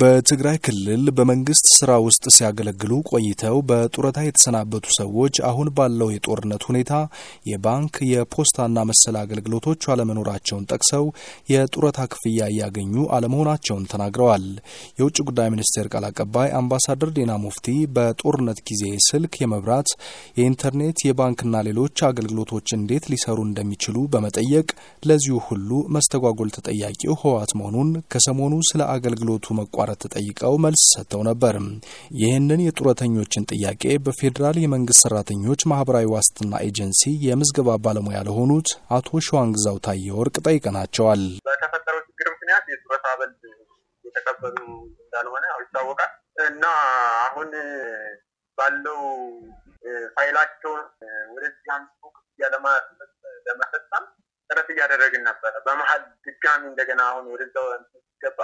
በትግራይ ክልል በመንግስት ስራ ውስጥ ሲያገለግሉ ቆይተው በጡረታ የተሰናበቱ ሰዎች አሁን ባለው የጦርነት ሁኔታ የባንክ የፖስታና መሰል አገልግሎቶች አለመኖራቸውን ጠቅሰው የጡረታ ክፍያ እያገኙ አለመሆናቸውን ተናግረዋል። የውጭ ጉዳይ ሚኒስቴር ቃል አቀባይ አምባሳደር ዲና ሙፍቲ በጦርነት ጊዜ ስልክ፣ የመብራት፣ የኢንተርኔት፣ የባንክና ሌሎች አገልግሎቶች እንዴት ሊሰሩ እንደሚችሉ በመጠየቅ ለዚሁ ሁሉ መስተጓጎል ተጠያቂው ህወሓት መሆኑን ከሰሞኑ ስለ አገልግሎቱ መቋ ለማቋረጥ ተጠይቀው መልስ ሰጥተው ነበር። ይህንን የጡረተኞችን ጥያቄ በፌዴራል የመንግስት ሰራተኞች ማህበራዊ ዋስትና ኤጀንሲ የምዝገባ ባለሙያ ለሆኑት አቶ ሸዋንግዛው ታየ ወርቅ ጠይቀናቸዋል። በተፈጠረው ችግር ምክንያት የጡረታ አበል የተቀበሉ እንዳልሆነ ይታወቃል እና አሁን ባለው ፋይላቸውን ወደዚህ አንሱ ክፍያ ለመፈጸም ጥረት እያደረግን ነበረ። በመሀል ድጋሚ እንደገና አሁን ወደዛው ሲገባ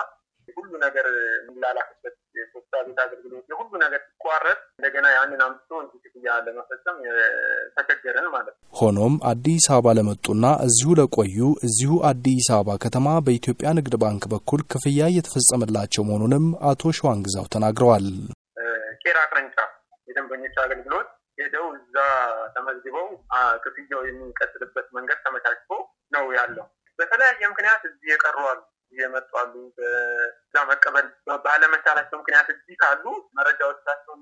ሁሉ ነገር የሚላላክበት የፖስታ ቤት አገልግሎት የሁሉ ነገር ሲቋረጥ እንደገና ያንን አምጥቶ እንዲህ ክፍያ ለመፈጸም ተቸገረን ማለት ነው። ሆኖም አዲስ አበባ ለመጡና እዚሁ ለቆዩ እዚሁ አዲስ አበባ ከተማ በኢትዮጵያ ንግድ ባንክ በኩል ክፍያ እየተፈጸመላቸው መሆኑንም አቶ ሸዋን ግዛው ተናግረዋል። ቄራ ቅርንጫፍ የደንበኞች አገልግሎት ሄደው እዛ ተመዝግበው ክፍያው የሚቀጥልበት መንገድ ተመቻችቶ ነው ያለው። በተለያየ ምክንያት እዚህ የቀሩ አሉ። እየመጡ አሉ። እዛ መቀበል ባለመቻላቸው ምክንያት እዚህ ካሉ መረጃዎቻቸውን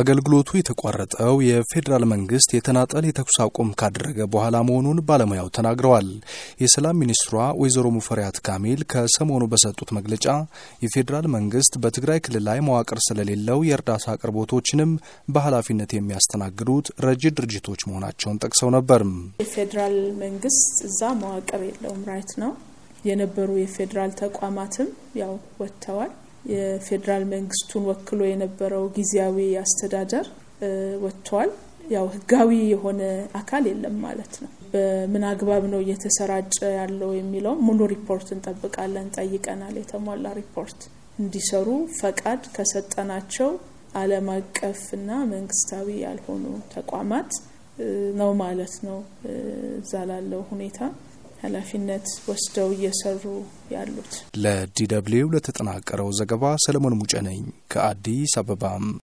አገልግሎቱ የተቋረጠው የፌዴራል መንግስት የተናጠል የተኩስ አቁም ካደረገ በኋላ መሆኑን ባለሙያው ተናግረዋል። የሰላም ሚኒስትሯ ወይዘሮ ሙፈሪያት ካሚል ከሰሞኑ በሰጡት መግለጫ የፌዴራል መንግስት በትግራይ ክልል ላይ መዋቅር ስለሌለው የእርዳታ አቅርቦቶችንም በኃላፊነት የሚያስተናግዱት ረጅ ድርጅቶች መሆናቸውን ጠቅሰው ነበር። የፌዴራል መንግስት እዛ መዋቅር የለውም ራይት ነው። የነበሩ የፌዴራል ተቋማትም ያው ወጥተዋል። የፌዴራል መንግስቱን ወክሎ የነበረው ጊዜያዊ አስተዳደር ወጥቷል። ያው ህጋዊ የሆነ አካል የለም ማለት ነው። በምን አግባብ ነው እየተሰራጨ ያለው የሚለውም ሙሉ ሪፖርት እንጠብቃለን። ጠይቀናል። የተሟላ ሪፖርት እንዲሰሩ ፈቃድ ከሰጠናቸው ዓለም አቀፍና መንግስታዊ ያልሆኑ ተቋማት ነው ማለት ነው እዛ ላለው ሁኔታ ኃላፊነት ወስደው እየሰሩ ያሉት። ለዲ ደብልዩ ለተጠናቀረው ዘገባ ሰለሞን ሙጨ ነኝ ከአዲስ አበባ።